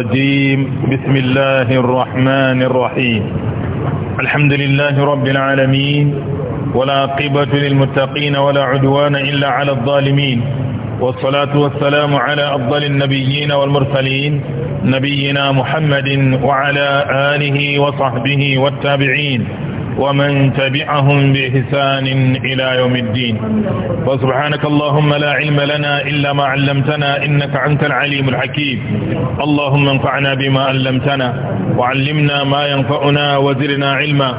الرجيم بسم الله الرحمن الرحيم الحمد لله رب العالمين ولا قبة للمتقين ولا عدوان إلا على الظالمين والصلاة والسلام على أفضل النبيين والمرسلين نبينا محمد وعلى آله وصحبه والتابعين ومن تبعهم بإحسان إلى يوم الدين وسبحانك اللهم لا علم لنا إلا ما علمتنا إنك أنت العليم الحكيم اللهم انفعنا بما علمتنا وعلمنا ما ينفعنا وزرنا علما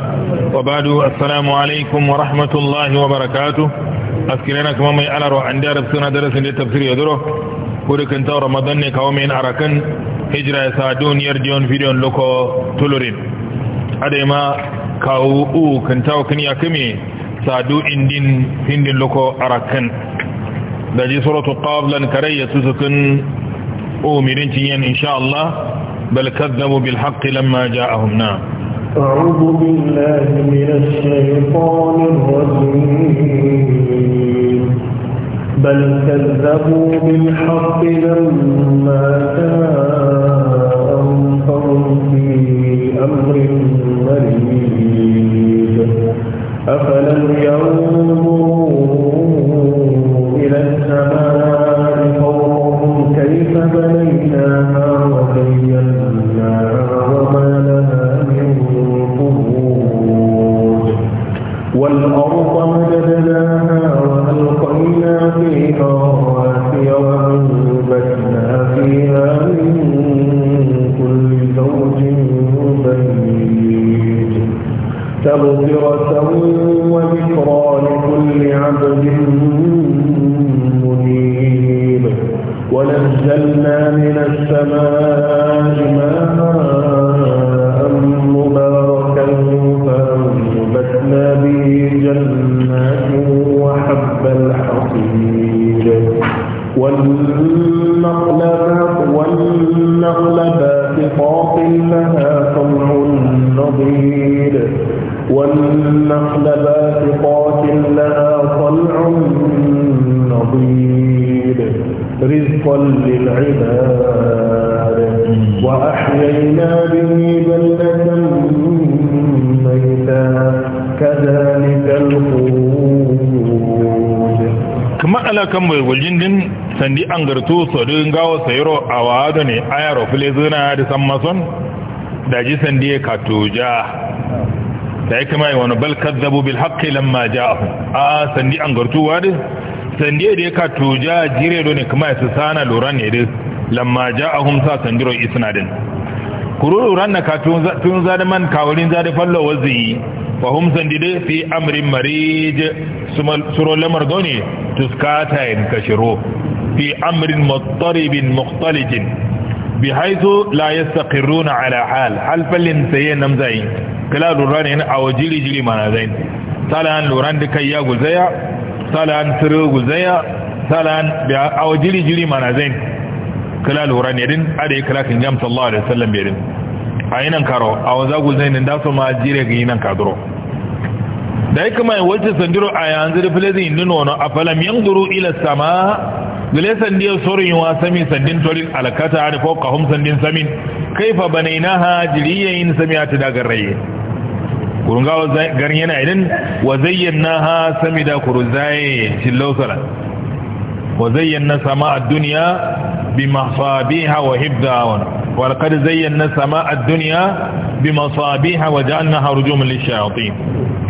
وبعد السلام عليكم ورحمة الله وبركاته أذكرنا كما ما يعلروا عن دارب سنة درس للتفسير يدره كوركن تو رمضان كومين أركن هجرة سادون يرجون فيديون لوكو تولورين هذا ما kawo u kan tawo kan ya kame sadu indin hindin loko arakan da ji suratu qablan karayya o mirin cinyen insha Allah bal kadzabu bil haqq lamma ja'ahum na أعوذ بالله من الشيطان الرجيم بل كذبوا بالحق لما جاءهم فهم في أمر مريض أفلم ينظروا إلى السماء فوقهم كيف بنيناها وزيناها وما لها من فروج والأرض kan mai gulgin din sandi an so sodin gawo sayro wado ne ayaro zuna da san mason da ji sandi ya ja. da ya kama wani bal kazzabu bil haqqi lamma ja'ahu a sandi an garto wadi sandi da ya katoja jire do ne kuma su sana lura ne da lamma ja'ahum sa sandiro isnadin lura na ka tun zada man kawarin da fallo wazi fa hum sandi fi amrin marij sumal suro lamar gone tuskatayin kashiro fi amrin mattaribin mukhtalijin bi haizu la ya saƙiru na alahal halfallin tsaye nan zai kila lura ne a wa jiri-jiri mana zai salan lura da kai ya guzaya salan turu guzaya salan a wa jiri-jiri mana zai kila lura ne din a da ya kila kan gamsa Allah da karo jire ga yi nan da yake mai wace sandiro a yanzu da filazin indin wani a falam yan duru ila sama gale sandiyar sorin yiwa sami sandin torin alkata da fauka hum sandin samin kaifa banai na ha hajiriyayin sami a tudagar raye kurungawa garin yana idan wa zayyana ha sami da kuru zaye cillausara وزينا سماء الدنيا بمصابيها وهبدا ولقد زينا سماء الدنيا بمصابيها وجعلناها رجوما للشياطين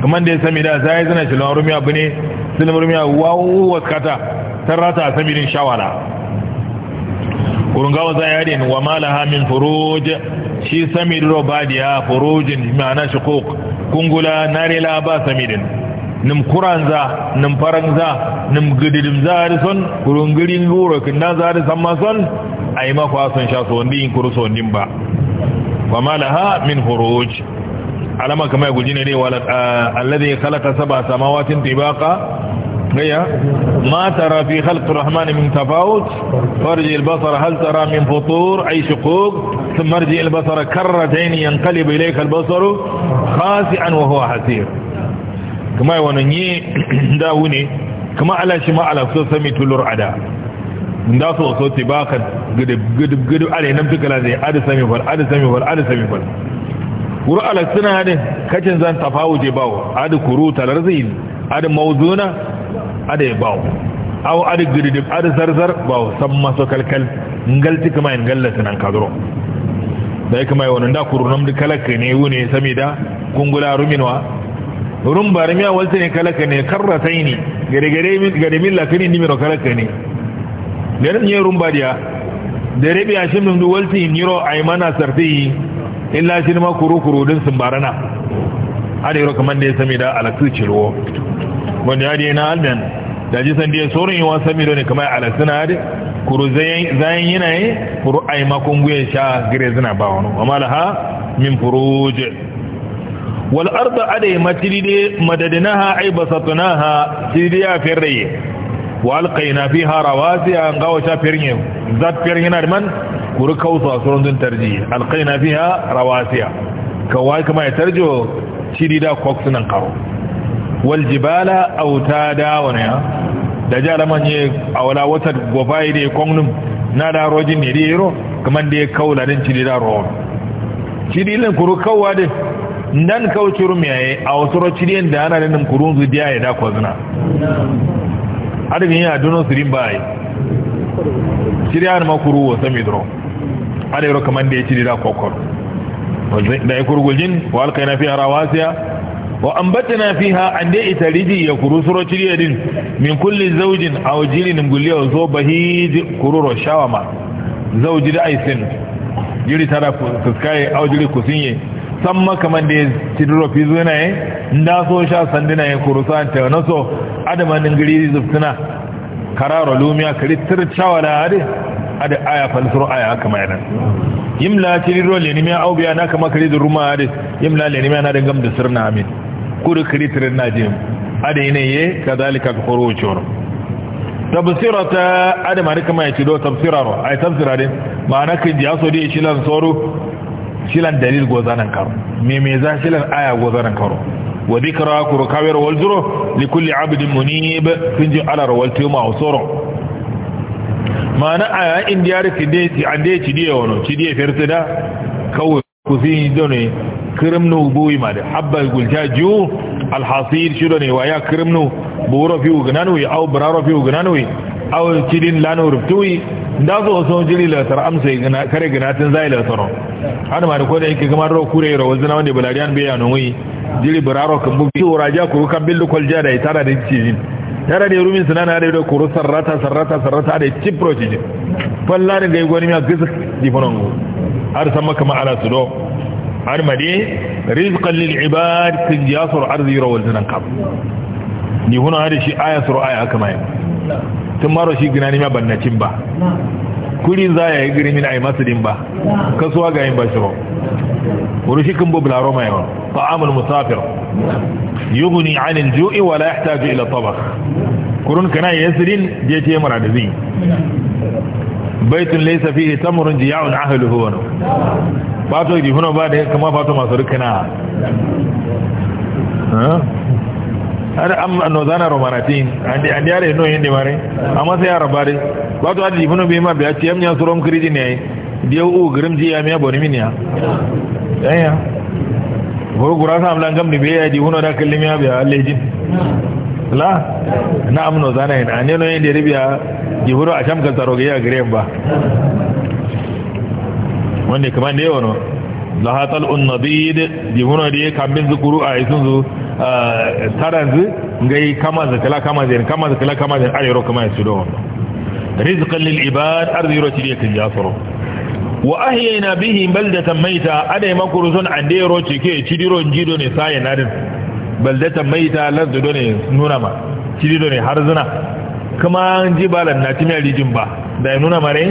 كما ان يسمي لا زايزنا شلو رمي ابني سلم رمي واو وسكتا ترات اسمي ان شاء الله ورنغاو زايدين وما لها من فروج شي سمي رو باديا فروج معناها شقوق كونغولا ناري لا با سمي nim kuranza nim faranza nim gididim zarison kurungirin guro kinna zarisan mason ay ma kwa son sha so ndin kuru so ndin ba wa malaha min khuruj alama kama ya gujine ne wala alladhi khalaqa sab'a samawatin tibaqa gaya ma tara fi khalq arrahman min tafawut farji albasara hal tara min futur ay shuquq thumma arji albasara karratayn yanqalib ilayka albasaru khasi'an wa huwa hasir kama yi wannan yi dawo ne kama ala shi ma ala so sami tulur ada da su so ce ba ka gudu ala fi kala zai adi sami fal adi sami fal adi sami fal wuri ala suna hadin kacin zan tafa je bawo adi kuru talar zai adi mauzuna adi bawo aw adi gududub adi zarzar bawo san masu kalkal ngalti kama yin gallasa nan kaduro da ya kuma yi wannan da kuru namdi kalaka ne wune sami da kungula ruminwa rum barmiya walta ne kalaka ne karratai ne gare milla kani nimiro kalaka ne da rin yin rumba diya da rabi a shimin da walta yi niro a yi mana sarti illa shi ma kuru-kuru din sun barana a da yaro kamar da ya sami da alasu cirwo wanda ya dina albian da ji san da sauran yi wa sami da ne kamar alasu na hadi kuru zayen yanayi kuru a yi makon guye sha gire zina ba wani amma da ha min furuje wal arda adai matilide madadinaha ay basatnaha sidiya firriye wa alqayna fiha rawasiya an gawa sha firriye zat firriye na man kuru kausa surun dun tarji alqayna fiha rawasiya kawai kuma ya tarjo shidida koksunan karo wal jibala autada wani da jaraman ye a wala wata gobaye da kongnum na da rojin ne da yero kamar da ya kaula din shidida rawon shidilin kuru kawwa dai ndan kaucuru miyaye a wasu cidiyen da ana nanin kurun zu diya ya da kwazina adabin yana dono sirin bayi shirya na makuru wa sami duro adayi kamar da ya ciri da kokor da ya kurguljin wa alkai na fiya rawasiya wa ambatana fiha an dai ita riji ya kuru suro ciriya din min kulli zaujin a wajilin gulliya wa zo bahiji kururo shawama zauji da aisin jiri tara fuskaye a wajilin kusinye samma kamar da ya ci durofi zuna ya nda so sha sandina ya sa ta wani so adamanin giri zuftuna kararo lumiya kari tircawa da hade hade aya falsuro aya haka mai nan ci cidiro lenimiya au biya na kama kari duruma yim la lenimiya na dangam da na amin kudu kari tirin na jim hade yanayi kazalika ka horo wucewar tafsira ta adama ne kama ya ci do tafsira ro ai tafsira ne ma'ana kan ji aso ya ci lansoro shilan dalil gozanan karo me me za shilan aya gozanan karo wa dhikra kuru kawir wal juro li kulli abdin munib tunji ala rawal tuma ma mana aya indiyar kide ti ande ti die wono ci die da kawo kusi done kirimnu buyi ma da habba guljaju alhasir shi done wa ya kirimnu buru fi ugnanu ya au braro fi ugnanu au cidin lanu rubtuwi da zo so jiri la tar amsa gina kare gina tin zai la taro hada ma ko da yake gama ro kure ro wazna wanda bularian bai yana no jiri bararo kan bu ki uraja kuru kan billu kol jada itara da ci tara da rumin sunana da do kuru sarrata sarrata sarrata da ci protein falla da gai goni ma gisa di fonongo har sama kama ala su do har ma dai rizqan lil ibad kin yasur arzi ro wazna kam ni huna hada shi aya sur aya kama tun maro shi gina nima bannacin ba kuri za ya yi girmin a yi masu ba kasuwa ga yin ba shi ba wuri shi kumbu bularo mai Ba ta'amul musafir yughni 'anil ju'i wa la ta ila tabakh kurun kana yasrin je ce mara da zai baitun laysa fihi tamrun jiya'un ahluhu wa ba Fato di huno ba da kama fato masu rukana ada am no zana romanatin andi andi are no yende mare amma sai ba to adi ibnu bi ma bi tiyam nya surom kridi ne dia u grimji ya miya boni ya? ya go gura sa amlan gam ni be ya di hono da kallimi ya bi allejin la na no zana ina ne no yende ribiya di boro a shamkan taroge ya grem ba wanne kaman da yawa no lahatal unnabid di huno di kambin zukuru a isun zu taranzi ngai kama kala kama zai kama kala kama zai ayro kama yasudo rizqan lil ibad ardi rotiri kan jafaro wa ahyayna bihi baldatan mayta adai makuruzun ande roci ke cidiro jido ne sai nadin baldatan mayta do ne nuna ma cidido ne harzuna kuma ji balan na timiyar rijin ba da ya nuna mare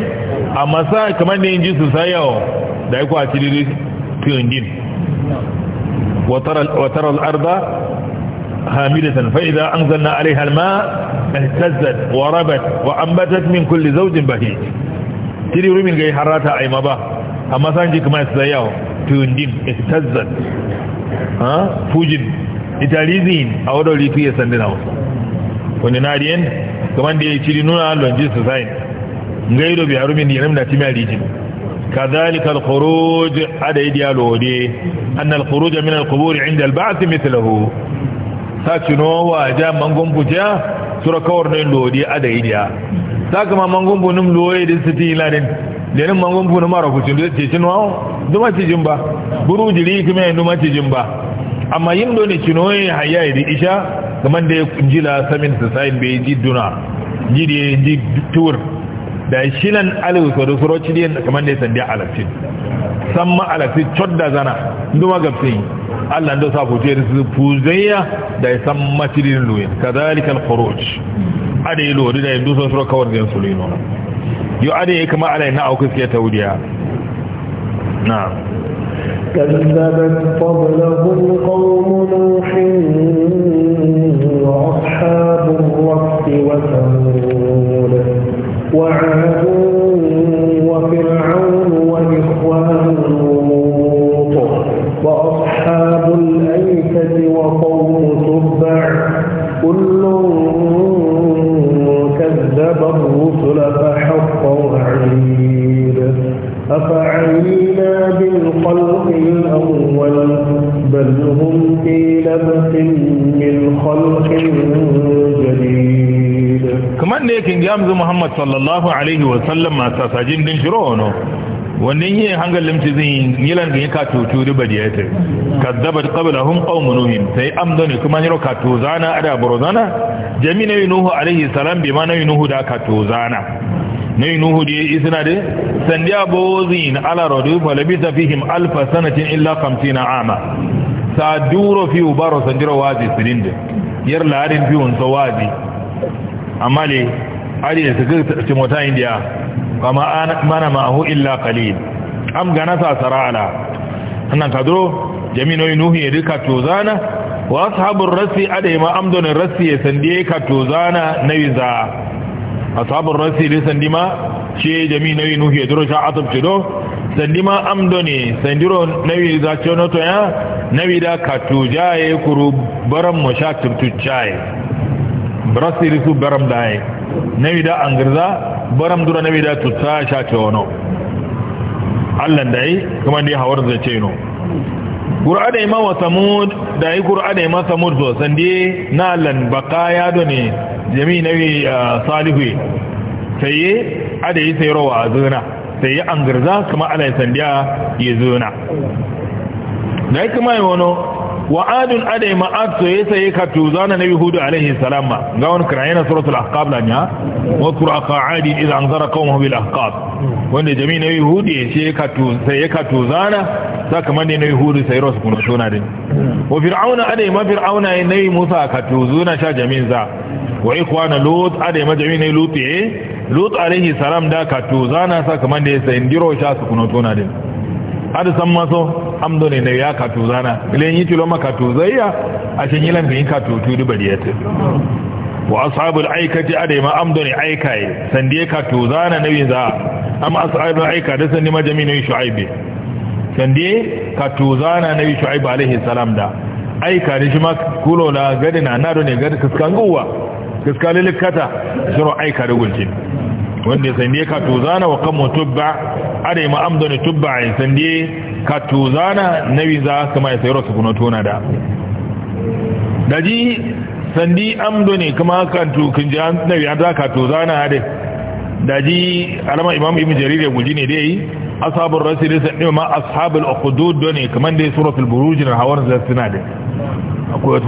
amma sa kamar ne yin ji su sayawa da ya kwa cidido fiyon din وترى الأرض هامدة فإذا أنزلنا عليها الماء اهتزت وربت وأنبتت من كل زوج بهيج تري رمين جاي حراتها أي مبا أما سانجي كما يستياه تيوندين اهتزت ها فوجن إتاليزين أو دولي كي يسندنا wani nadiyan kamar da ya ciri nuna lonjin su sayin ngaido bi harumin yarim na timar rijin كذلك الخروج على يديالو أن الخروج من القبور عند البعث مثله ساكنو واجا منغم بجا سركور نلو دي هذا يديا ساكما منغم بنم لوي دي ستي لانين لأن منغم كوتين دي تيشنو دوما تيجنبا برو ليك مي دوما تيجنبا amma yin dole kinoye hayya da isha kamar da ya jila samin sasayin bai ji duna ji da ji da shilan alif ko da suroci din kamar da sandi alafin samma alafin chodda zana nduma gafsin Allah ndo sa fuje su fuzayya da samma tidin luye kadhalika al-khuruj ade lori da ndo so suro kawar gan sulino yo ade kama alai na aukus ke tawdiya na كذبت قبلهم قوم نوح وأصحاب الرس وثمود وعاد وفرعون وإخوان لوط وأصحاب الأيكة وقوم تبع كل كذب الرسل فحق وعيد أفعينا بالخلق الأول بل هم في لبس من خلق ne kin gamzu muhammad sallallahu alaihi wa sallam ma sasajin din shiro no wannan yi hangar limci zai nilan ga ka tutu da badiyatar kazzabat qablahum qaum nuh sai amdani kuma niro ka zana ada buruzana jamina nuh alaihi salam bi mana nuh da ka tuzana nay nuh da isna de sandiya bozin ala rodu fa labisa fihim alf sanatin illa 50 ama saduro fi ubaro sandiro wazi sirinde yar larin fi on wazi amma ne ali da suke ci mota indiya kama mana ma'ahu illa qalil am gana ganasa ala annan kadro jamino nuhi rika tozana wa ashabur rasi adaima amdon rasi ya sande ka tozana na wiza ashabur rasi da sandima ce jamino nuhi duro sha atub tido sandima amdoni sandiro na wiza chonoto ya na da ka tojaye kuru baran mushatib tujaye brasiri su baram daye nawi da angirza baram dura nawi da tutta shace wono Allah dai kuma ne hawar da ce no Qur'ani ma wa samud dai Qur'ani ma samud so sande na lan baqaya do ne jami nawi salihu sai yi sai rawa zuna sai angirza kuma Allah sandiya yi zuna. dai kuma yono wa adun adai ma'ad so ya saye ka tuzana na yahudu alaihi salama ma ga wani kirayen na suratul ahqab lan ya wa qura qa'adi idza anzara qawmuhu bil ahqab wanda jami na yahudu ya ce ka tu sai ka tuzana saka manne na yahudu sai rasu kuma sona din wa fir'auna adai ma fir'auna ya nayi musa ka tuzuna sha jami'in za wa ikwana lut adai ma jami na lut eh lut alaihi salam da ka sa saka manne sai ndiro sha su kuma sona din ada san maso amdo ne ne ya katu zana ilen yi tilo maka to zayya a shin yilan lambin ka to tu ce wa ashabul aikati ade ma amdo ne aikaye sande ka to zana yin za amma ashabul aika da ni majami yi shu'aibi sande ka to zana yi shu'aibi alaihi salam da aika ne shi ma kulo na gadi na nado ne gadi kaskan guwa kaskan likata shiru aika da gulcin wanda sande ka to zana wa kan mutubba ada ima amdo ne tubba in sande ka tuzana nawi za kama ya sayro su kuno tona da daji sandi amdo ne kuma kan tu kun ji nawi an za ka tuzana da daji alama imam ibn jarir ya guji ne dai ashabul rasul sai ma ashabul ukhdud ne kaman dai suratul buruj na hawar za suna da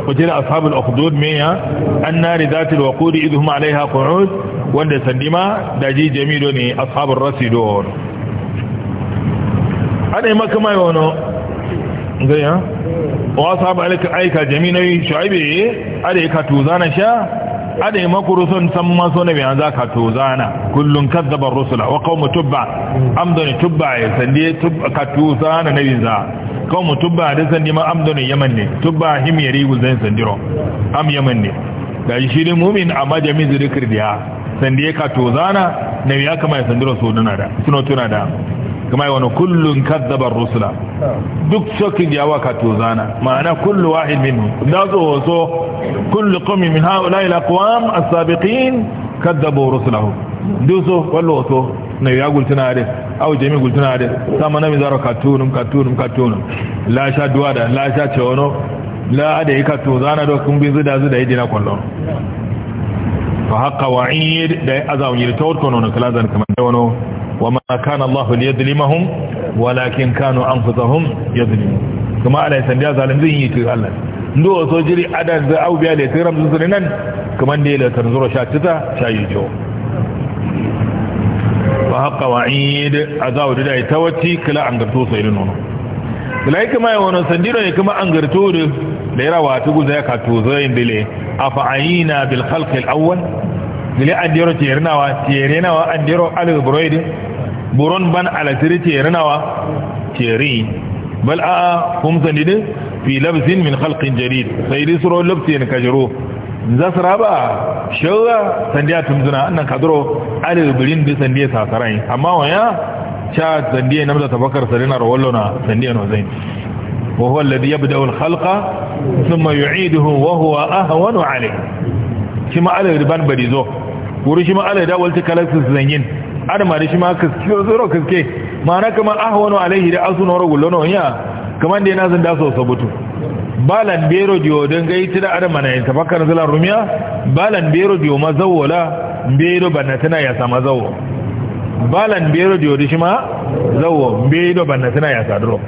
قتل أصحاب الأخدود ميا النار ذات الوقود إذ هم عليها قعود وند daji داجي جميلني أصحاب الرسي دور ana maka mai wano gaya wa saba alika aika jaminai shaibe eh? ada ka zana sha ada maku rusun san ma so ne bayan zaka zana kullun kadzaba rusula wa qaum tubba amdan tubba ya sande tubba ka na biyan za qaum tubba da sande ma amdan yaman ne tubba him yari zai sandiro am yaman ne da shi ne mu'min amma jami zikir da sande ka zana na ya kama ya sandiro so da suno tuna da kama wani kullun kazzabar rusula duk shokin ya waka tozana ma'ana kullu wahid minhu da su so kullu qawmi min haula ila aqwam as-sabiqin kazzabu rusulahu duso wallo so na ya gultuna da au jami gultuna da sama na mi zaro katunum katunum katunum la sha duwa da la sha cewono la da yaka tozana do kun bi zuda zuda yidina kullun fa haqa wa'id da azawin yirtawt kono kala zan kamar da wano وما كان الله ليظلمهم ولكن كانوا أنفسهم يظلمون كما على يسنديا ظالم ذي الله ndo so jiri adan da au biya da tiram zuri nan kaman da la tanzuro sha tita sha yijo fa haqa wa'id azaw da ita wati kila an garto so irin nono kila kuma ya wono sandiro ne kuma an garto da lera wa ta buron ban alatiri ce rinawa ceri bal a kumsa ne ne fi labsin min halkin jarid sai risro labsin kajiro za su raba shawara sandiya tumzuna annan kaduro alibirin da sandiya sasarai amma waya cha sandiya namda tabakar sarina rawallona sandiya nozain وهو الذي يبدأ الخلق ثم يعيده وهو أهون عليه كما badizo. Wuri shima ورشما da walti تكالكس زنين adama da shi ma tsoro kaske na kamar ahwanu alaihi da asu na ragullo na wanya kamar da yana zan daso sabutu balan bero diyo don gai tida adama na yin tafakar zilan rumiya balan bero diyo ma zawola bero tana ya sama zawo balan bero diyo da shi ma zawo bero tana ya sadro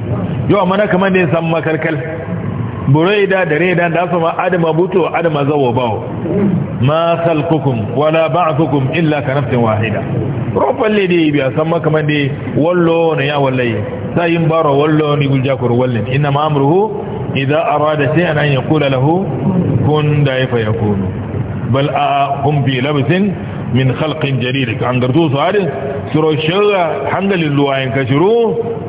yau amma na kamar da ya samu makarkal buraida da raida da asama adama buto adama zawo bawo ma khalqukum wala ba'thukum illa ka nafsin wahida rofan le dai biya san maka man dai wallo ne ya wallahi sayin baro wallo ni gulja kur wallin inna ma amruhu idza arada shay'an an yaqula lahu kun da yafa yakunu bal a hum bi labsin min khalqin jarir an gardu su hade siro shirra hangalin luwayen ka shiro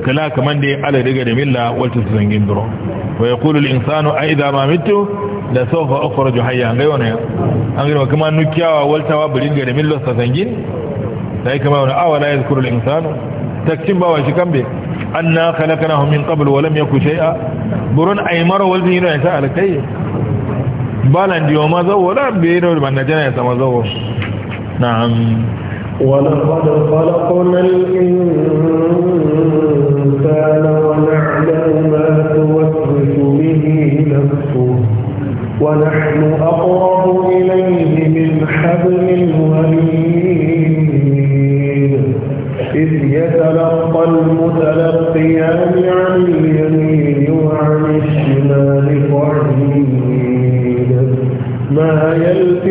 kala kaman da ala daga da milla wata su zangin duro wa yaqulu al insanu a idha ma mitu la sawfa ukhraju hayya ngai wannan an gina kuma nukiyawa waltawa burin ga da milla sa zangin sai kama wani awala yadhkuru al insanu takcin bawa shi kambe anna khalaqnahum min qabl wa lam yakun shay'a burun aymar wal zinu ya sa alkai balan diyo mazawo da bai da manajana ya sama zawo نعم ولقد خلقنا الإنسان ونعلم ما توسوس به نفسه ونحن أقرب إليه من حبل الوليد إذ يتلقى المتلقيان عن اليمين وعن الشمال قعيد ما يلقى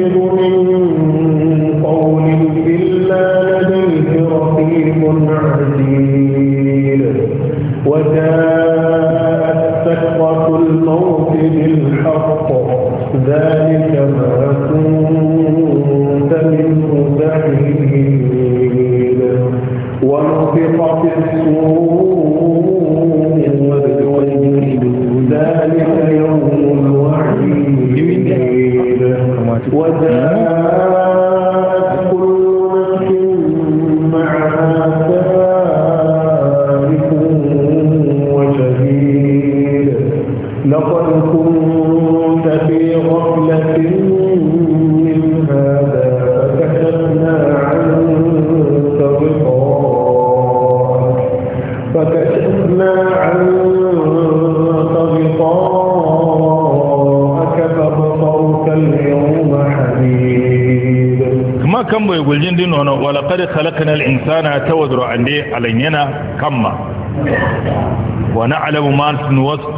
no no wala qad khalaqnal insana tawadru ande alanyana kamma wa na'lamu ma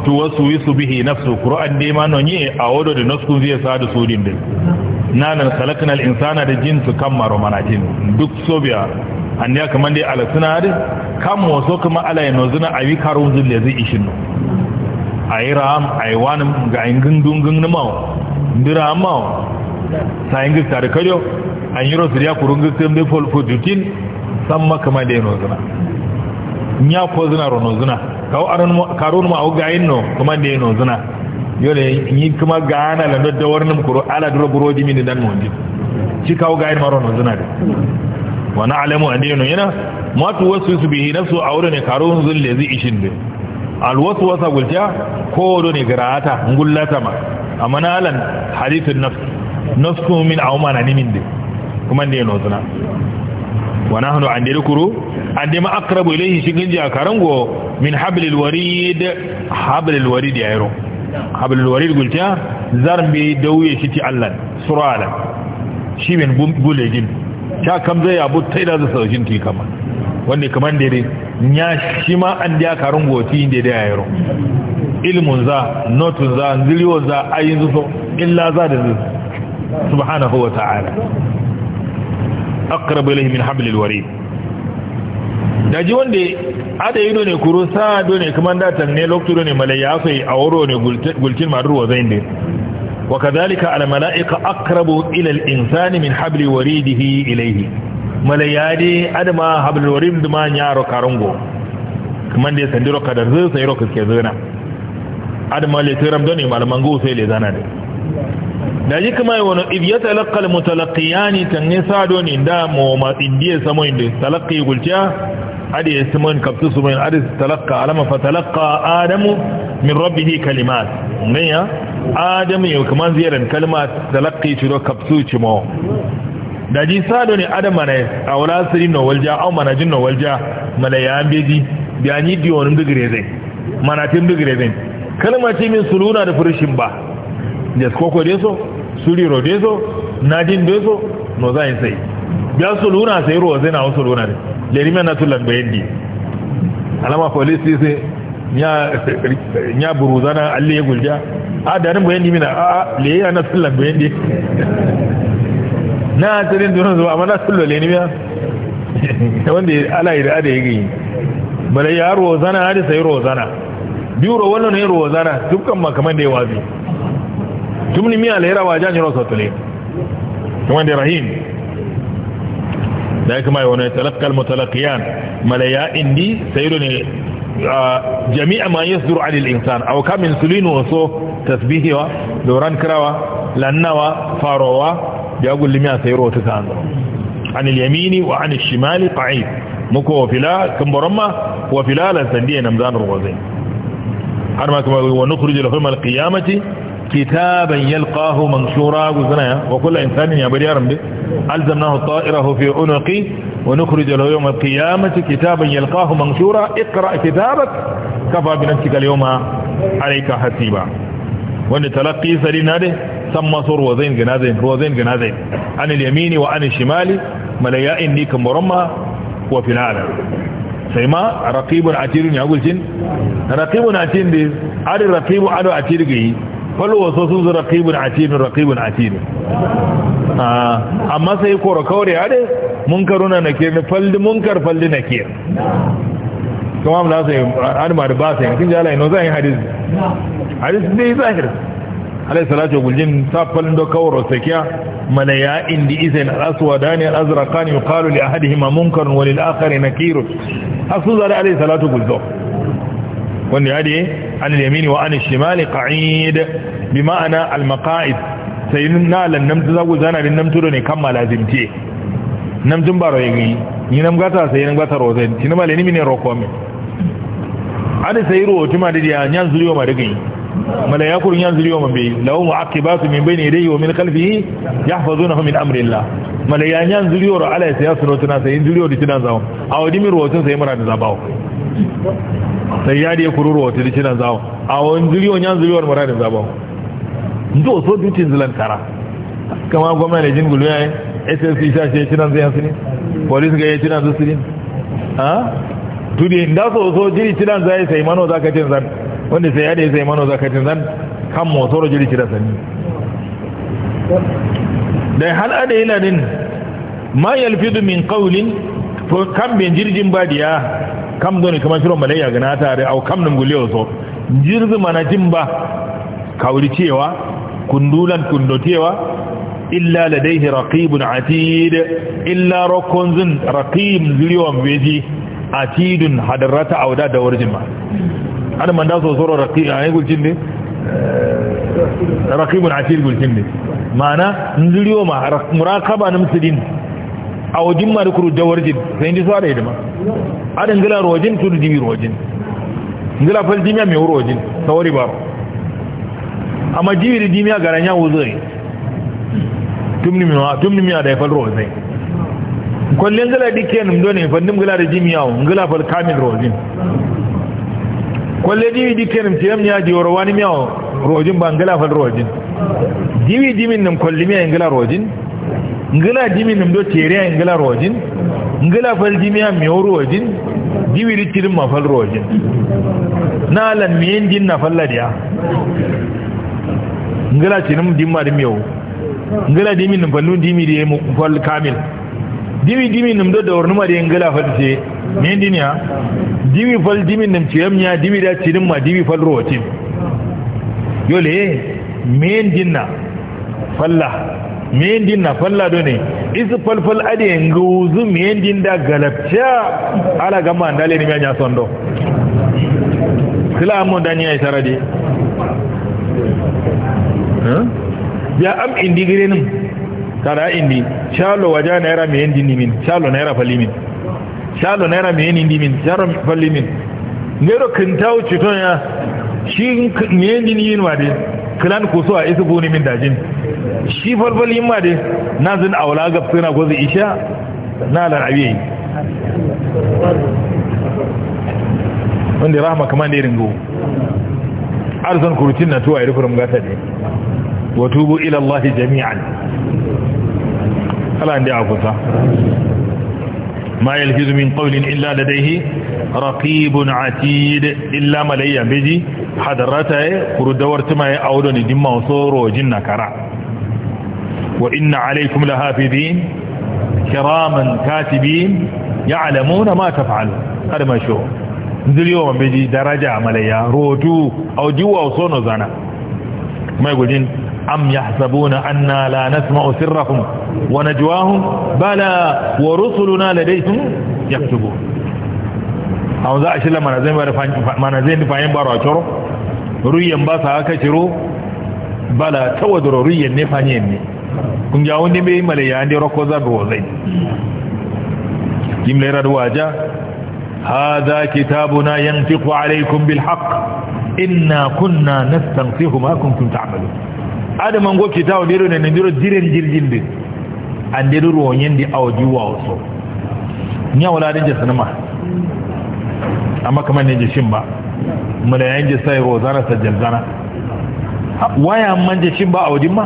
tuwaswisu bihi nafsu qur'an de ma no nyi a wodo de nasku zai sa da sudin din nanan khalaqnal insana da su kamma romana jin duk sobiya ande kaman dai alasuna dai kam so kuma alay no zuna ayi zin zulle zai ishin no ayi ram ayi wanum ga ingin dungun nmaw ndira maw sayin gistare kajo an yiro siriya kurungu sembe fol fotutin samma kama da yano zina ya ko zina rono zina kawo aron ma au gayin no kama da yano zina yole ni kuma gana la no dawar nim kuro ala duro buroji ne dan mo ndi ci kawo gayin ma rono zina de wa na'lamu an yano yana ma tu wasu su bihi nafsu aure ne karon zul lazi ishin de al wasu wasa gulta ko do ne garata ngullata ma amma na hadithun halittun nafsu min awmana ni min de kuma ne no suna wa nahnu an dirkuru an dima aqrabu ilayhi shigin ji akarango min hablil warid hablil warid ya yaro hablil warid gulta zarbi dawiye shi Allah surala shi ben bulegin ta kam zai abu tai da saukin ki kama wanda kaman da ne nya shi ma an da karango ti inde da yaro ilmun za notun za ziliwo za ayin zuso illa za da zuso subhanahu wa ta'ala aqrabu ilayhi min hablil warid daji wonde ada ido ne kuro sa do ne da tan ne lokto ne malaya fai woro ne gulkin maru wa zainde wa kadhalika al malaika aqrabu ila al insani min habli waridihi ilayhi malaya de adama hablil warid ma nyaro karungo. kamanda ya sandiro kadar zai sai roka ke zana adama le tiram do ne malaman go sai le zana de da yi kuma wani ya talakal mutalakiyani kan ne sado ne da mu ma indiya samo inda talakki gulciya adi ya simo in kaftu su mai adi talakka alama fa talakka adamu min rabbihi kalimat ne ya adamu yau kuma ziyarar kalimat talakki ciro kaftu cimo da ji sado ne adama ne a wala siri na walja au mana jin na walja malayan beji da ni diwanin digire zai tin digire zai kalmar ce min suluna da furshin ba da koko dai so Suriro deso nadin deso no zai sai ya suluna sai ruwa zai na wasu luna ne lerime na tulan bayan alama polisi sai ya buruzana alli ya gulja a danin bayan di mina a le ya na tulan bayan di na tsirin dunan zuwa amma na tullo lerime wanda ala yi da ya gini bala ya ruwa zana hadisa sai ruwa zana biyu ruwa wannan ne ruwa zana dukkan makaman da ya wazi tumni mia lera wajani rosa tuli kuma rahim da kuma yana talaqqal mutalaqiyan malaya indi sayrun jami'a ma yasduru 'ala al-insan aw kam insulin wa so tasbihi wa duran krawa lannawa farawa ya gul limia sayru wa kan an al-yamini wa an al-shimali qa'id muko fila kambaramma wa filala sandiya namzan ruwazai har ma kuma wa nukhrij lahum al-qiyamati كتابا يلقاه منشورا وكل إنسان يبري ربي ألزمناه طائره في عنقي ونخرج له يوم القيامة كتابا يلقاه منشورا اقرأ كتابك كفى بنفسك اليوم عليك حسيبا ونتلقي سرين هذه ثم صور وزين جنازين وزين جنازين عن اليمين وعن الشمال ملايين ليك مرمى وفي العالم سيما رقيب عتير يقول جن رقيب عتير على رقيب على عتير falwa so sun zura raqibun atidun raqibun atidun ah, amma sai ko rakawar ya dai munkaruna nakir ne faldi munkar faldi nakir tamam na sai alma da ba sai kin jala ino zai hadisi hadisi yi zahir alayhi salatu guljin safalin do kawro sakiya mana ya indi izin al-aswadani al-azraqani yuqalu li ahadihima munkarun wa lil akhari nakir hasu zara alayhi salatu gulzo wanda ya dai an yamini wa an shimali qa'id bi ma'ana al-maqa'id sai na lan nam zagu zana din nam turo ne kan malazimte nam tun baro yi ni nam gata sai nam gata ro sai ni male ni mine ro ko me ada sai ro tuma da ya nyan zuriyo ma daga yi mala ya kurun nyan zuriyo ma be lawu aqibatu min bayni yadayhi wa min khalfihi yahfazunahu min amri Allah mala ya nyan zuriyo ro ala sai ya sai zuriyo da zawo awadi ro tun sai mara da zabawo sai ya da kururu wata dicinan zawo a wani zuriyon yan zuriyar muradin zaba ndo so dutin zilan kara. kama gwamna da jin gulu ya yi ssc sha shi ya cinan zai yansu ne polis ga ya cinan su ne ha tudi da so so jiri cinan zai sai mano za ka cin zan wanda sai ya da sai mano za ka cin zan kan motsoro jiri cinan sani da hal ada ilanin ma yalfidu min qawlin to kan bin jirgin badiya kam doni ne kamar shirin malayya ga na tare au kam nan gulewa so jirgin mana ba kauri cewa kundulan kundotewa illa ladaihi raqibun atid illa rakun zin raqim zuriwan beji atidun hadarata auda da warjin ma ana manda da so soro raqib gulcin ne raqibun atid gulcin ne ma'ana zuriwa ma murakaba namsidin awojin mari kuru dawarjin sai ndi suwa da hidima adin gila rojin tudu dimi rojin gila fal jimiya mai rojin sauri ba amma jiri jimiya garanya wuzuri tumni miya da ya fal rojin kwallon gila dike nim doni fannin gila da jimiya gila fal kamil rojin kwallon jimi dike nim ciyam ya jiwar wani miya rojin ba gila fal rojin jiri jimin nim kwallon miya gila rojin ngila jimi nimdo teriya ngila rojin ngila fal jimi ya miyo rojin jimi ma fal rojin na alan miyin din na falla diya ngila cinim dimma dim yau ngila dimi nim fallu dimi mu fal kamil dimi dimi nimdo da warnuma diye ngila fal ce miyin din ya dimi fal dimi nim ciyam ya dimi da cinim ma dimi fal rojin yole miyin din na falla mendin na fallado ne isi falfal ade nga wuzu mendin da galapcha ala gamba ndale ni menya sondo kila amon dani ay sarade ya am indi girenin tara indi shalo waja naira mendin ni min shalo naira falimin shalo naira mendin ni min shalo min nero kintawo citon ya shi mendin yin wade kilan kuso a isi buni min dajin shi falfal yin ma dai na zin aula ga suna ko zai isha na larabe yi wanda rahama kamar ne ringo go arzon kurutin na tuwa ya rufurin gata ne wa tubu ila Allah jami'an Kala da akusa ma yalfizu min qawlin illa ladayhi raqibun atid illa malayya biji hadarata kurudawar tuma ya audo ne dimma usoro jinna kara وإن عليكم لهافذين كراما كاتبين يعلمون ما تفعل هذا ما شو نزل اليوم بيجي درجة عملية روتو أو جوا أو صونو زانا ما يقول جن أم يحسبون أنا لا نسمع سرهم ونجواهم بلى ورسلنا لديهم يكتبون أو ذا ما نزين فاين بارو أشرو رؤيا باسا أكشرو بلى تودر رؤيا نفانيين kungiya wani mai male ya ndi roko zabe wazai za radwaja hadha kitabuna yantiqu alaykum bil haqq inna kunna nastanqihu ma kuntum ta'malun adam an go kitabu dero ne ne dero jirgin din an dero ruwanyen da awji wa so nya wala din jasana ma amma kamar ne jishin ba mala yan sai rozana sajjal zana waya man jeshin ba awjin ma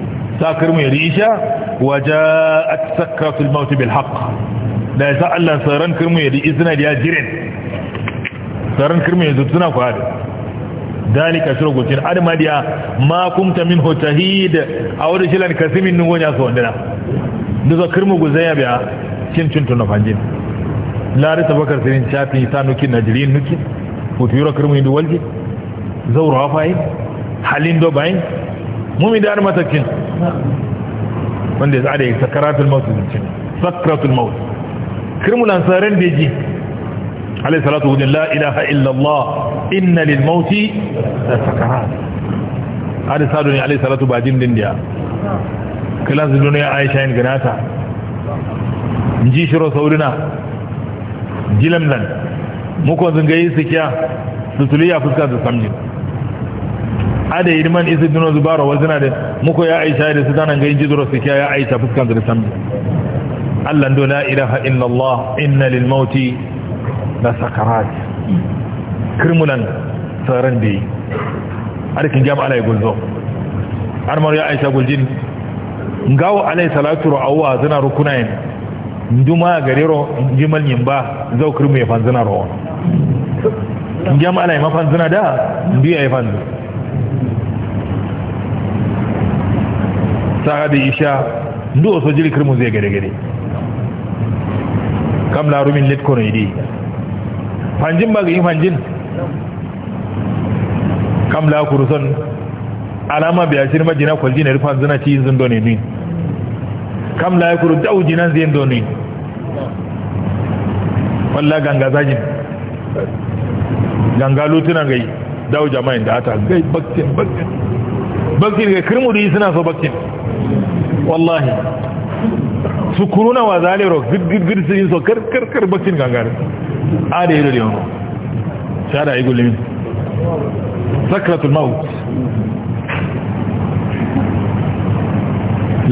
sakar mai risha waja'at sakratul maut bil haqq da sa Allah saran kirmu ya di isna da jirin saran kirmu ya zutuna ku hada dalika shirkutin armadiya ma kumta min hutahid aw rishilan kasimin nun gonya so wandana duka kirmu guzaya biya cin cin tuna fanjin lari tabakar sirin chafi sanuki najrin nuki hutiro kirmu indu walji zawra fa'in halin do bayin mumi da matakin wanda ya tsada ya sakaratul maut zuncin sakaratul maut kirmulan saran da ji alayhi salatu wa la ilaha illa inna lil mauti da sakarat hada sadu ne alayhi salatu ba jin din dia kilan zu duniya aisha yin ganata inji shiro saurina jilamlan muku zungayi sikiya sutuliya fuska da samjin ada irman isi dino zubaro wazina da muku ya aisha da su tanan gayin jidro su ya aisha fuskan da sami Allah do la ilaha illa Allah inna lil mauti la sakarat kirmulan tsaron da yi arkin jama'a alai gulzo armar ya aisha guljin ngawo alai salatu ro ra'awa zina rukunayen nduma gare garero jimal nyimba zau kirmu ya ro. fanzina rawa jama'a alai mafanzina da biya ya fanzina saada isha ndu o so jiri kirmuze gede gede kam larumin let kono idi fanjin baga in fanjin kam la kuruson alama biya shir jina kwalji na rufan zina ci yin zin doni ni kam la kuru dauji nan zin doni walla ganga zajin ganga lutunan gai dau jama'in da ata gai baktin baktin baktin ga kirmudi suna so baktin wallahi su kuruna wa zane ro girgir sirin so karkarkar bakin gangar a da yi da yawon shada yi gulimin sakratul maut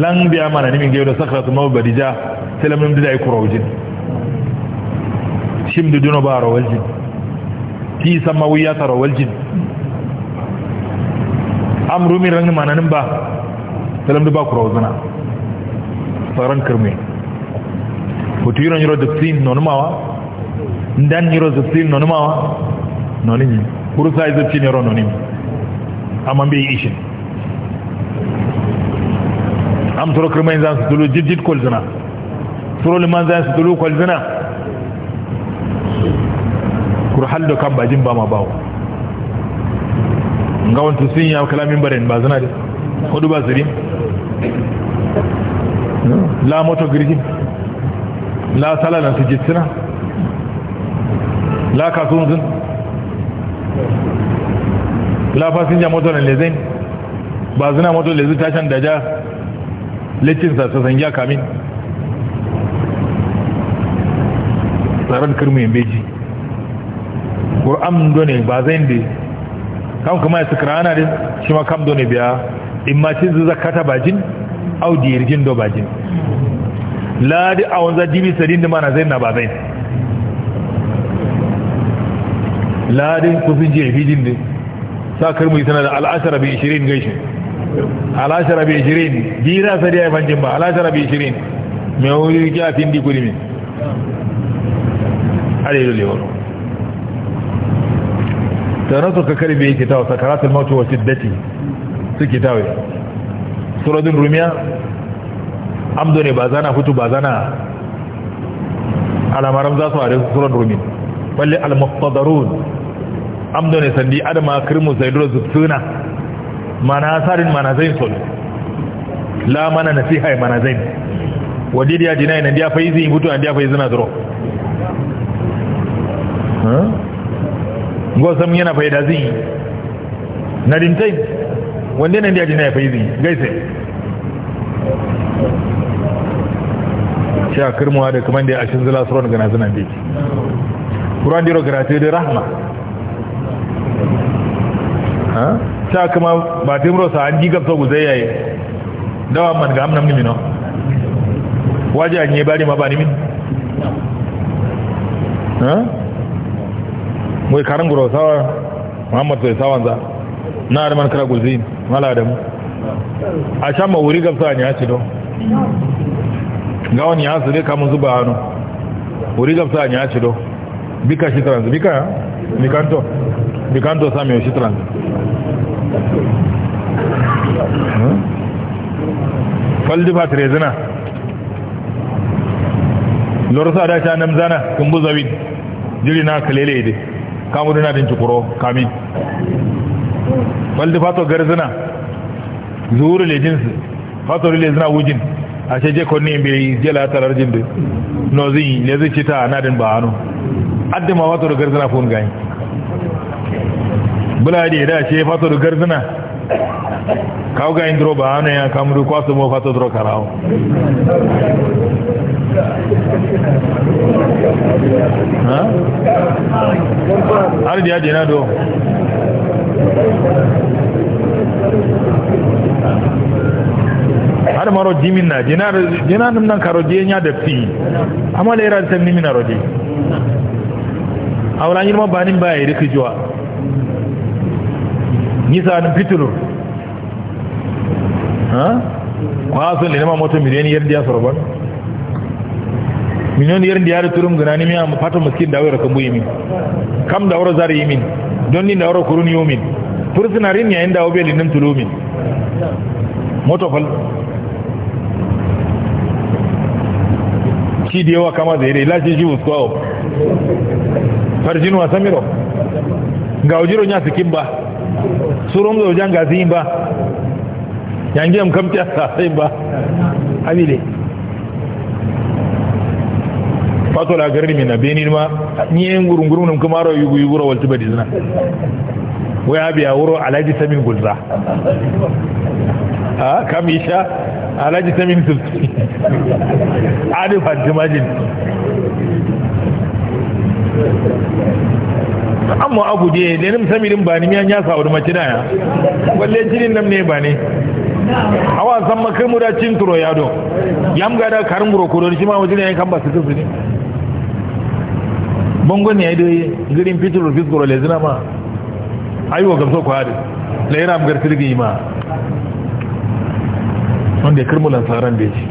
lan biya mana nimin gaiwa da sakratul maut badija sai lamunin da ya yi kurawujin shim da duna ba rawaljin ti sama wuya ta rawaljin amru min ranar mananin ba salam da ba kurawuzina faran kirme hoto yiro nyiro doptin non mawa ndan yiro doptin non mawa non ni kuru sai doptin yiro non ni amma be ishin am toro kirme zan su dulu jidjid kol zina toro liman zan su dulu kol zina kuru haldo kamba jimba ma bawo ngawon tusin ya kalamin barin ba zina de hudu ba zirin la moto girgin la salalan su jitsina la kasuwanzin la fasinja moto na lezain ba zina moto lezu tashan da ja lecinsa su kamin tsaron kirmi yin beji ƙur'an done ba zai da kan kuma ya sukara ana da shi ma kam done biya in ma cin zakata bajin au dirgin do bajin la di awon za dibi sadin da mana zainab na la di ku sun je fidin ne sakar mu tana da al'ashara bi 20 gaishin al'ashara bi 20 dira sadi ya fanjin ba al'ashara bi 20 me wuri ki afin di kuri me alayhi lillahi tare ka karbe yake tawa sakaratul mautu wa siddati suke tawaye suratun rumiya amdo ne ba zana fito ba zana alamaran za su a resu suratun rumin balle al-muqtadarun amdo ne sandi adama kirmu zaidura zubtuna mana sarin mana zain sol la mana nasiha mana zain wadid ya jinai na dia faizi mutu an dia faizi na zuro ha yana faida zin na dintai wanda yana da na ya faizi gaisa shi a kirmuwa da kuma da ya ashin zila suron gana zunan beki kuran diro karatu da rahma sha kuma ba timro sa an jigab sau guzai yayi dawa man ga amnan mimino waje an yi bari ma ba ni min ha mai karan sai sawan na da man kara mala a can ma wuri gabsa ne ya ci don gawon ya su dai kamun zuba hannu wuri gafsa ne ya ci don bika shi transu bika mikanto mikanto sami shi transu hmm? faldi ba trezina Lorusa da sha namzana kumbuzawin jiri na kalele dai kamuduna din cikuro kami waldi fato garzina zuru le jins fato le zina wujin a ce je konni be bai jela tarar jin no nozin le zai cita na din ba hannu ma fato garzina fon gani bula de da ce fato garzina Kau ga indiro ba anu ya kamru kwasu mo fato da karawo har da ya jina do Adama maro jimin na jina nim nan karo je nya da fi amma da iran tan nimina roje awlan yirma banin ba yi riki juwa nisa nim fitulu ha kwa sun ma moto miliyan yar diya sorban miliyan yar diya da turum gana ni mi am fatu miskin da wayar kan buyi min kam da wara zari min don ni da wara kurun yomin fursunarin yayin da obelin nan tulomin motofal shi da yawa kama zaire lashe shi wasu farjin wasa miro ga ujiro nya su kimba su zo jan gazi ba yangi am kamta sai ba abile fato la garni mina beni ma ni gurun ngurun kuma ro yugu yugu ro walti badizna waya biya wuro alaji samin gulza ha kam isha alaji samin tufti adi majin amma abu je ne nim samirin ba ni an ya sa wani mace ya walle jinin nan ne ba ne awa san makai mu da cin turo do yam ga da karin buro ko don shi ma wajen yan kan ba su tufu ne bango ne ayi girin fitur fitur le zina ma Aiwa, wa gamso ko da la ramgar firgi ma wanda kirmulan saran da shi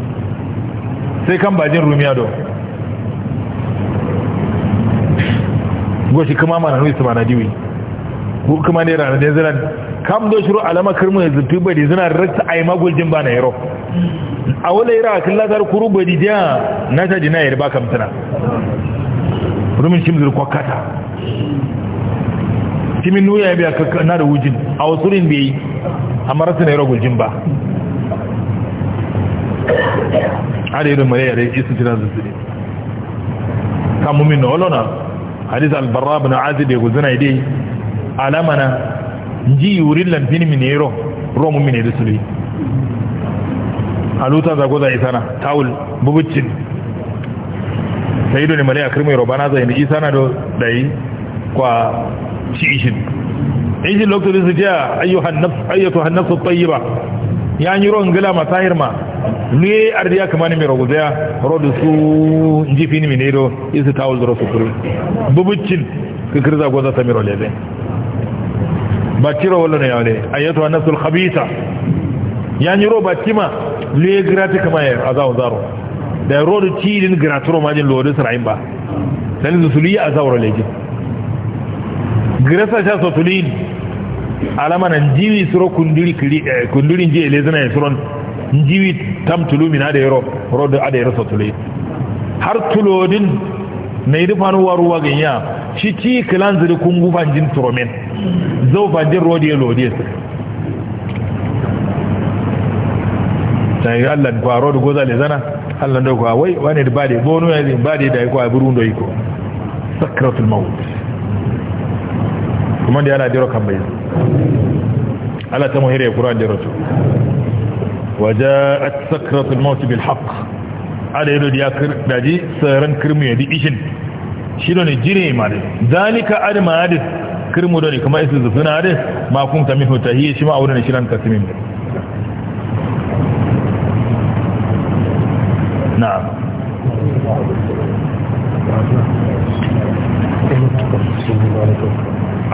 sai kan bajin rumiya do goshi kuma mana nuyi su na diwi ko kuma ne rana da zira kam do shiru alama kirmu ne zutu bari zina rakta ayi maguljin ba na yaro a wala ira kan lazar kuru bari jiya na ta dina ba kamtana rumin shimzir kwakata timin nuya biya na da wujin a wasurin da yi a marasa na yi ragujin ba a da irin malayyar yake su jira zuzuri kamumin na olona hadis albarra bin azi da guzina idai alamana ji wurin lamfin minero romun minero ya ne a lutar zagoza isana tawul bubucin ido ne male akirmai robana zai ne isa na da yi kwa shi ishin ishin lokacin su jiya ayyatu hannasu ba ya yi ruwan gila ma tahir ma ne ardiya kama ne mai rogozaya rodu su jifi ne mai do isa tawul zuro su kuri bubucin kakir zagon za ta mero lebe ba ciro wala ne yawale ayyatu hannasu khabisa ya yi ruwa ba cima ne ta kama ya azawun zaro da rodu tilin graturo majin lodin sarayin ba dan zusuli a zaura lejin grasa sha sotulin alama na jiwi suro kunduri kili eh, kundurin je ya suron jiwi tam na da yaro rodu ada yaro sotulin har tulodin na yi fanu ruwa ganya shi ci kilan zuri kungu fanjin turomen zau fanjin rodi ya lodi ta sai Allah ba rodu goza lezana allah ndo ko a wayi wanede mbaɗe bade da ko a burudoy iko sakratul maut ko monde ala diro kamɓe ala tamo hiri e qouran deroto wa jaat sakratul maut bilhaq aɗa yeɗo ɗiya ɗaji seran kirmuyeɗi ijin shiɗone jirimaɗe dalika adma ne kuma isu isli hadis ma ta kumta minhu tahiye shima shi nan kasimin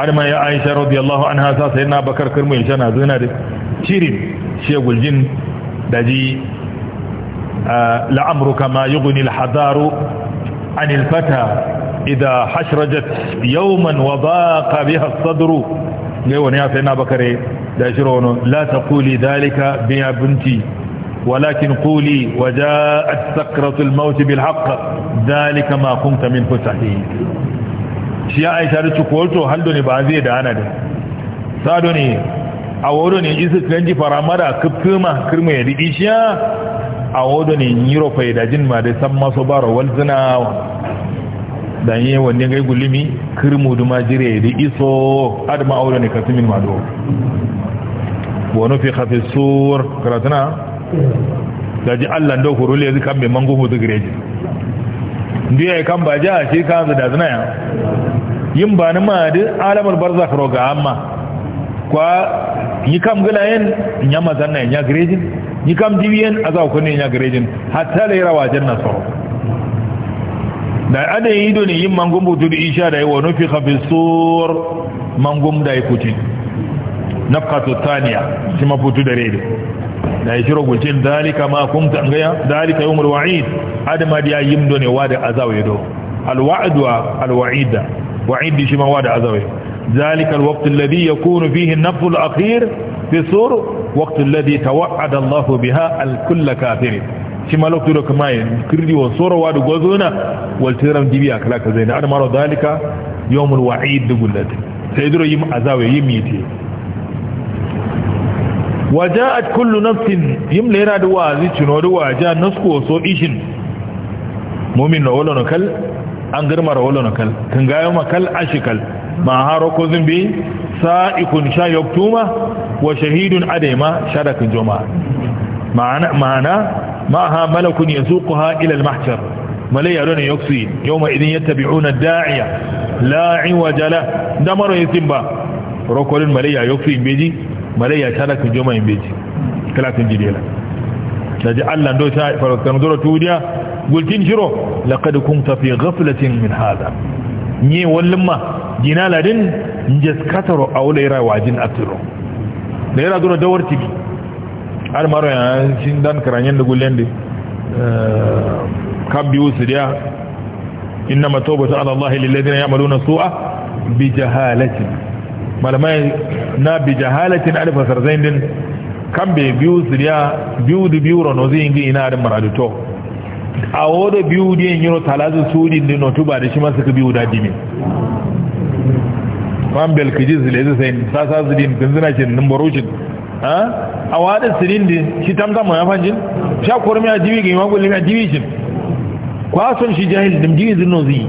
adama ya aisha radiyallahu anha sa sai na bakar karmu ya shana zina da shirin shegul jin daji la'amruka ma yughni al-hadaru an al-fata idha hashrajat yawman wa baqa biha as-sadru ne wani ya sai na bakare da shiro la taquli dhalika bi ya binti ولكن قولي وجاءت سكرة الموت بالحق ذلك ما كنت من فتحي شيا عائشة تقولتو هل دوني بعضي دانا دي سادوني أولوني إذا كنت فرامدا كبكما كرمي دي إشيا أولوني نيرو فايدا جنما دي سمى صبار والزنا دانيه وني غي غوليمي كرمو دوما جيري دي إيسو أدما أولوني كتمين مادو ونفخ في السور قراتنا gaji allah ndo kurule zi kambe mangu hutu gireji ba ji a shi kanzu da zina ya yin ba ni ma da alamar barza karo ga amma kwa yi kam nya mazan na ya girejin yi kam dibiyan a za ku ne ya girejin hatta da yi rawa janna tsoro da ada yi do ne yin mangun butu da isha da yi wa nufi hafi sur mangun da yi kuci nafkatu taniya shi mafutu da rede na yi shiro gulcin dalika ma kun ta ngaya dalika yawmul wa'id adama da yim do ne wada azawe do al wa'd wa al wa'ida wa'id shi ma wada azawe dalika al waqt alladhi yakunu fihi an-nafl al-akhir fi sur waqt alladhi tawa'ada Allah biha al kull kafir shi ma lokto kuma yin kirdi wa sura wada gozona wal tiram dibiya kala kazaina adama dalika yawmul wa'id gullati sai duro yim azawe yim yiti waja'at kullu nafsin yimle yana da na cino da waja nasko so ishin mumin na wala nakal an girmar wala nakal kan gayo makal ashikal ma haro ko zimbi sa'ikun sha yaktuma wa shahidun adema sharakin jama'a ma'ana ma'ana ma ha malakun yasuquha ila al-mahshar malai yaro ne yaksi yawma idin yattabi'una ad-da'iya la 'iwaja la damar yasimba rokolin malai yaksi beji malayya tara kan joma in beji kala kun jidela da ji Allah do ta farkan dora tudiya gultin shiro laqad kunta fi ghaflatin min hada ni wallin ma jinala din jaskataro aulaira wajin atiro da yara dora dawar tibi har maro ya shin dan karanyen da gullen da eh, kabbi usriya innama tawbatu ala allahi lil ladina ya'maluna su'a bi jahalatin malamai na bi jahalatin alifa sarzain din kan be biyu zuriya biyu da biyu rano zai yi ina da to a wadda biyu da yin yiro talazu sudin din notu ba da shi masu ka biyu da dimi kwan belkijin zile zai sai sasa zilin ganzina shi numbaroshin a wadda sirin din shi tamtam ya fanjin sha kurmi a jiwi ga yi magulmi a jiwi shi kwason shi jahil dim jiwi zin no zai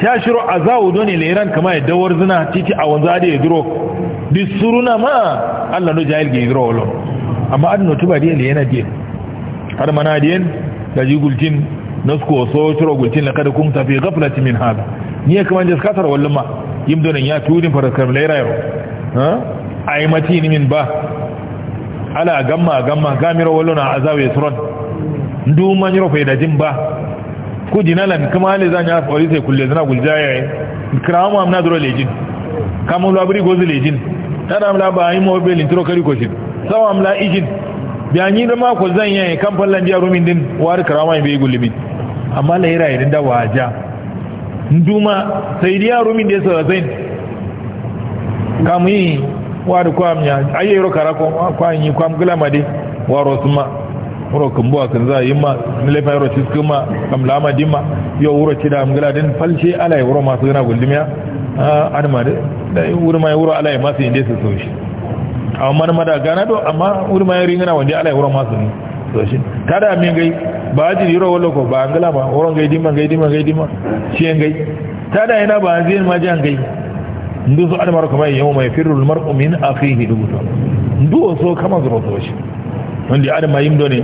tashiru azawudu ne liran kama ya dawar zina titi a wanzu da ya duro disuruna ma Allah no jahil ga duro wala amma adi no tuba diya yana diya har mana dia da jigultin nasko so tiro gultin la kada kun tafi ghaflati min hada ni kama jas kasar wallan ma yimdonan ya tudin farakar laira yau ha ai mati ni min ba ala gamma gamma gamiro wallona azawe suron ndu maniro faida jin ba ku dinalan kuma ne zan ya fori sai kulle zana guljaya kirawo mu amna dole lejin kamun labri gozi lejin tada amla ba yi mo belin kari ko shin sawa amla ijin biyanyi da mako zan yayi kan fallan jiya rumin din war kirawo mai bai gulmi amma la ira irin da waja nduma sai diya rumin da sai zain kamun yi war ayi ro karako kwamnyi kwam gulamade waro suma wuro kumbuwa kan za yi ma nile fa cikin ma kam lama ma wuro ci da amgila din falce alayi wuro masu gana a adama da wuri mai wuro alayi masu yin su so shi a wani mada gana do amma wuri mai ringana wanda alayi wuro masu ne so shi kada min gai ba ji yiro wallo ko ba angala ba wuro gai dimma gai dimma gai dimma shi gai tada yana ba a ma jan gai ndu so adama ko mai yau mai firrul mar'u min akhihi dubuta ndu so kama zuwa so shi wanda adam ma yimdo ne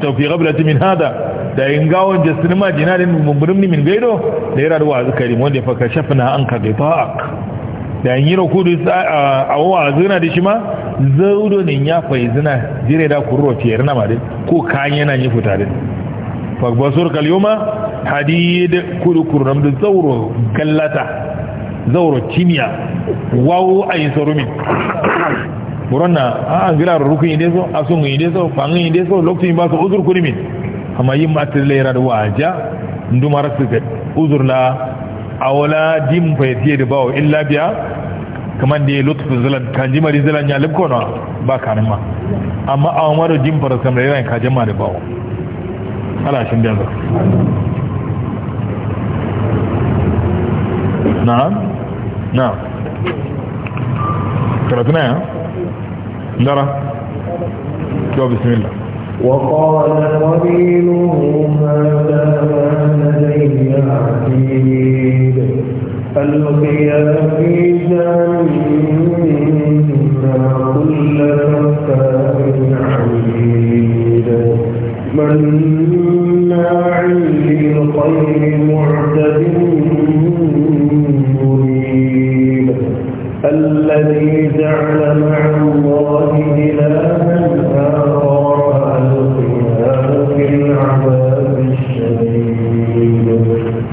tafi fi qablati min hada da in gawon jastin ma dinarin mumburin min gaido da yara da wa'azi karim wanda fa kashafna anka ghita'ak da in yiro kudu a wa'azina da shi ma zaudo ne ya faizina jire da kurro tiyar na ma dai ko kan yana yi fita dai fa basur kal hadid kudu kurnam da zauro gallata zauro timiya wawo ayi sarumin buronna a ah, angila rukun ide so asun ide so pangin ide so lokacin ba su uzur min. amma yin matar lera da waja ndumar su ga uzur la awala dim fa yati da bawo illa biya kaman da lutfu zalan kanji mari zalan ya lubko na ba kanin ma amma awamar dim fara samar yana kajin ma da bawo ala da zaka na'am na'am karatuna ya نرى درى بسم الله وقال قبيله هذا ما لدي عتيد القيا في جنة كل كفار عنيد مناع للخير معتد الذي جعل مع الله إلها آخر فألقياه في العذاب الشديد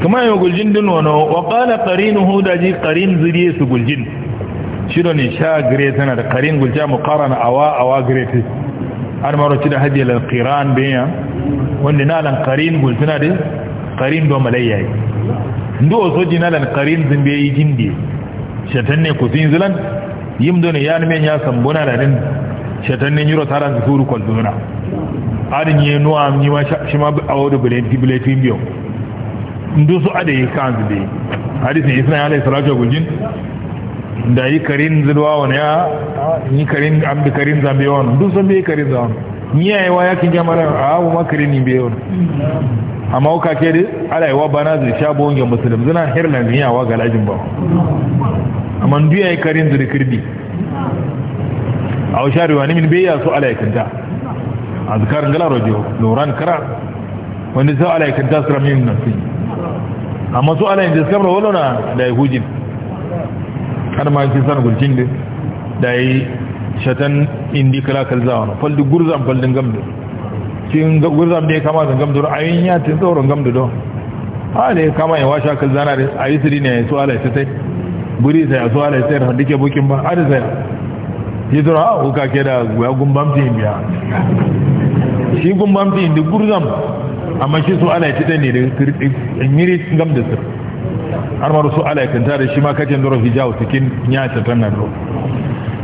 كما يقول جند وقال قرينه داجي قرين زريس يقول جند shiro ne sha gire da karin gulja mu awa awa gire ta an maroci da hajji lalkiran bayan wanda na lan karin da karin do malayya yi ndo osoji na lan zimbe yi jindi ne ku sin zilan yimdone yani ne ya sambona da din shatanne nyuro taran zuru koldona adin ye no am ni ma shi ma awodo bele dibele timbiyo ndu su ade kan zide hadisi isna alayhi salatu wa guljin da yi karin zilwa wani ya ni karin ambi karin zambe wani su zambe karin zambe ni yayi wa yakin jama'ar a abu ma ni be amma o ke da ala yi wa bana zai sha bo nge muslim zina hirlan zai yawa ga lajin ba amma duya yi karin zuri kirbi a washari ne min beya su ala yakanta a zikarin gala rojo loran kara wanda su ala yakanta su ramin na su amma su ala yanzu kamar wala na da yi hujin har ma yi san gulcin da ya yi shatan indi kala kalzawa faldin gurzan faldin gamdin kin gurzam ne kama zan gamdu ayin ya tin tsoron gamdu don ha ne kama ya washa kan zana da ayi siri ne su ala sai sai guri sai su ala sai har dike bukin ba har sai yi zura ha uka ke da gumbam tin biya shi gumbam tin da gurzam amma shi su ala sai ne da miri gamdu sir har maru su ala kan tare shi ma kacin doro hijau cikin ya ta tannan doro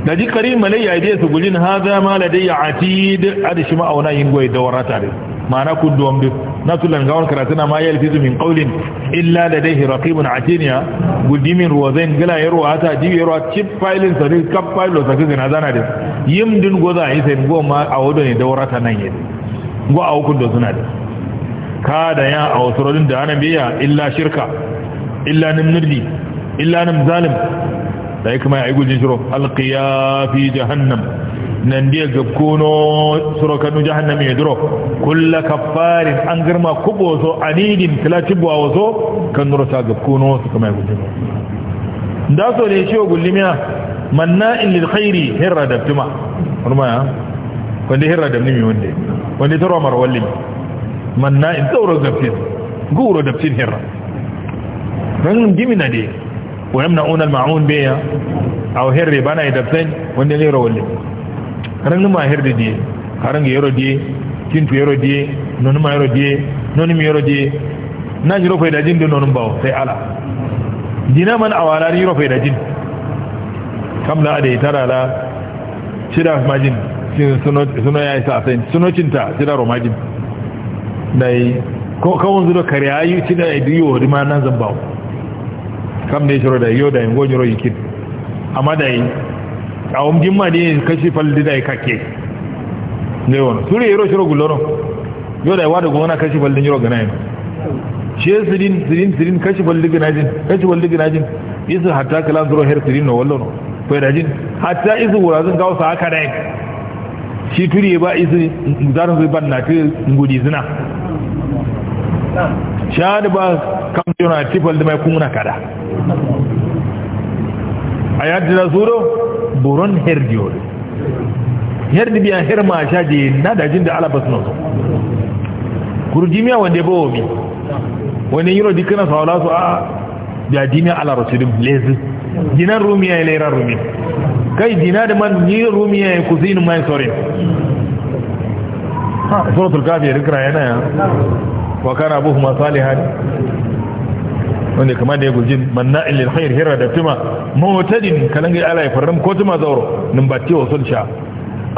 da ji kari malayya ya su gulin ha za ma ladai ya atid ada shi ma'auna yin goyi da warata da ma'ana ku duwam duk na tulan gawar karatu ma ya fi zumin qaulin illa ladaihi raqibun atiniya gudimin ruwazain gala ya ruwata ji ya ruwa chip filing sa dai kap file sa kaga na zana da yim din goza yi sai go ma a wado ne da warata nan yi go a hukun da suna da da ya a wasu rodin da ana biya illa shirka illa nimnirli illa nimzalim da yake mai aigul shiro alqiya fi jahannam nan dia gabkono suro kanu jahannam ya duro kullu kaffarin an girma kubo so anidin tilatibwa wazo kan nuro ta gabkono su kuma gujin jinshiro da so ne shi gullimiya manna in khairi hirra da tuma kuma ya wanda hirra da nimi wanda wanda taro mar manna in tsaurar gafin guro da hirra ran gimina dai wa yamna'una al-ma'un biya aw hirri bana idabtan wanda ne ما هر دي hirri يرو دي ga يرو دي نون ما يرو دي نون مي يرو دي mi yoro di na نون باو سي jin دينا من اوالا يرو ala دجين كم لا ادي ترى لا da ماجين la da tara la shida majin suno ya ko kawon zuwa kare ayi shida idiyo di ma nan zan bawo kam ne shiro da yo da ngo a madayi a awum jimma de kashi da ya kake ne won sure yi roshiro guloro yau da wada gona kashi faldi nyiro gana yin she sirin sirin sirin kashi faldi gana jin kashi faldi gina jin isu hatta kala zuro her sirin na wallo no ko da jin hatta isu wurazin gawo sa haka yin shi turi ba isu zarin zuban na ta ngudi zina shahadu ba kamdiona na tifalde may kunguna kada a yaddina suuɗo boron herdi oɗo herdi mbiya na caji da ala basno kuru jimiya wonde bo mi woni yiro dikkana sawla so a da dina ala rasulim lez dinan rumiya ile leyra rumi kay da man ni rumiya e cousine mai sore ha suratul kafir ikra yana ya wa kana abuhuma salihan wanda kama da ya guji manna ilil khair hira da tuma mutadin kalanga ala ya farram ko tuma zauro nin batti wa sulsha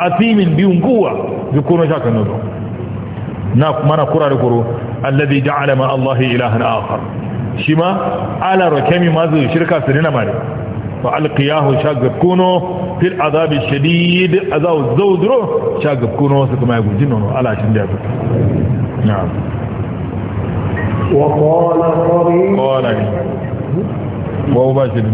asimin biyun kuwa zikuru shaka nodo na mana kura da kuro alladhi ja alama Allah ilahan akhar shi ma ala rakami mazu shirka sirina mare fa alqiyahu sha kuno fil azab shadid azaw zawdro shagab kuno su kuma ya guji nono ala cin da ya na'am وقال قريب قال واو باشر